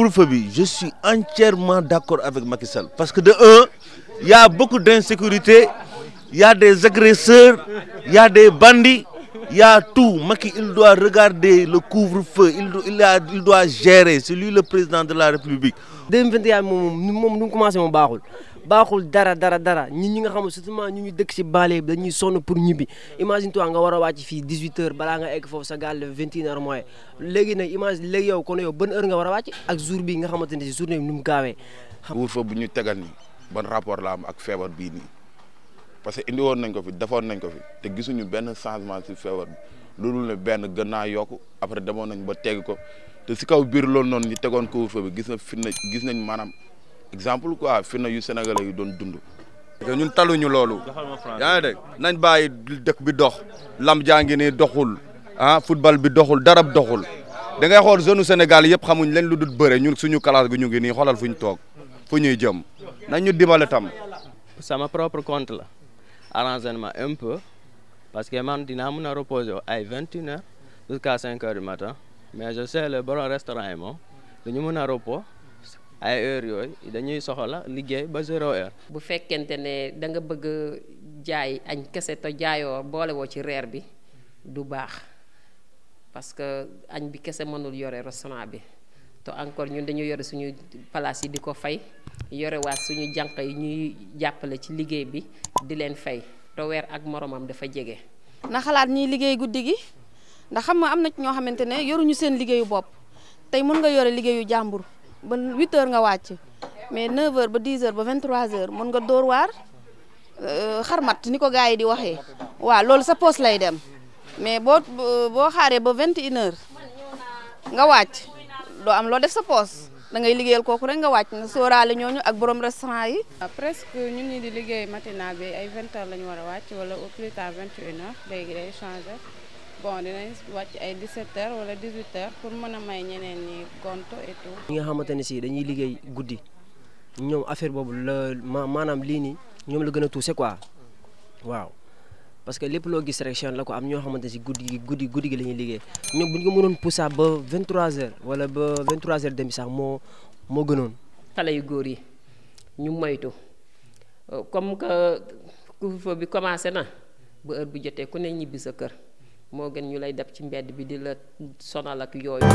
couvre-feu bi je suis entièrement d'accord avec Macky parce que de un il y a beaucoup d'insécurité il des agresseurs il y des bandits il y a tout Macky il doit regarder le couvre-feu il doit gérer c'est le président de la République. 2021 moom moom nu mu commencé moom baaxul. baaxul dara dara dara ñi ñi nga xam surtout ñu ñu dëkk si baale bi dañuy sonn pour ñibbi imagine toi nga war a wàcc fii 18 bala balaa nga egg foofu sa gaal le 21 heures mooy léegi nag imagine léegi yow kon yow ban heure nga war a wàcc ak jour bi nga xamante ne si journée bi nu mu gaawee. wuur fa bu ñu tegal nii ban rapport la am ak feebar bii nii parce que indi woon nañ ko fi defoon nañ ko fi te gisuñu benn changement si feebar bi loolu ne benn gën naa yokku après demoon nañ ba teg ko te si kaw biir loolu noonu ñu tegoon couvre gis na fi gis nañ maanaam exemple quoi firnde yu sénégalais yu doon dund. ñun talu ñu loolu. yaa ngi nañ bàyyi dëkk bi dox. lam jaa ngi nii doxul a ah, football bi doxul darab doxul da ngay xool zone Sénégal yëpp xamuñ leen lu dul bëre ñun suñu classe bi ñu ngi nii xoolal fu ñu toog fu ñuy jëm nañ ñu dimbale tam. sama propre compte la arrangement un peu parce que man dinaa mun a reposer ay vingt une heures jusqu'à cinq heures du matin mais je sais le bon restaurant yi moom dañu mun a repos. ay heure yooyu dañuy la liggéey ba zéro heure. bu fekkente ne da nga bëgg jaay añ kese te jaayoo boolewoo ci reer bi du baax parce que añ bi kese mënul yore restaurant bi te encore ñun dañuy yore suñu place yi di ko fay yore waat suñu jànq yi ñuy jàppale ci liggéey bi di leen fay te weer ak moromam dafa jege. na xalaat ñiy liggéey guddi gi ndax xam nga am na ñoo xamante ne yoruñu seen liggéeyu bopp tey mën nga yore liggéeyu jàmbur. ba huit heures nga wàcc mais 9 heures ba 10 heures ba 23 heures mën nga dóor waar euh, xarmat ni ko gars yi di waxee waa loolu sa poos lay dem mais boo boo xaaree ba 21 heures nga wàcc doo am loo def sa poos da ngay liggéeyal kooku rek nga wàcc na sóoraale ñooñu ak borom restaurant yi. Ah, presque ñun ñi di liggéey matinal bi ay 20 heures la ñu war a wàcc wala au plus tard 21 heures léegi day changer. bon dinañ wàcc ay 17h wala 18h pour mën a may ñeneen ñi compte et tout. ñi nga xamante ne si dañuy liggéey guddi ñoom affaire boobu la maanaam lii nii ñoom la gën a touché quoi waaw parce que lépp loo gis rek chaîne la ko am ñoo xamante si guddi gi guddi guddi gi la liggéey ñoom bu ñu ko mënoon poussé ba 23h wala ba 23h demi sax moo moo gënoon. xale yu góor yi ñu moytu euh, comme que couvre bi commencé na ba heure bu jotee ku ne ñibbi sa kër. moo gën ñu lay def ci mbedd bi di la sonal ak yooyu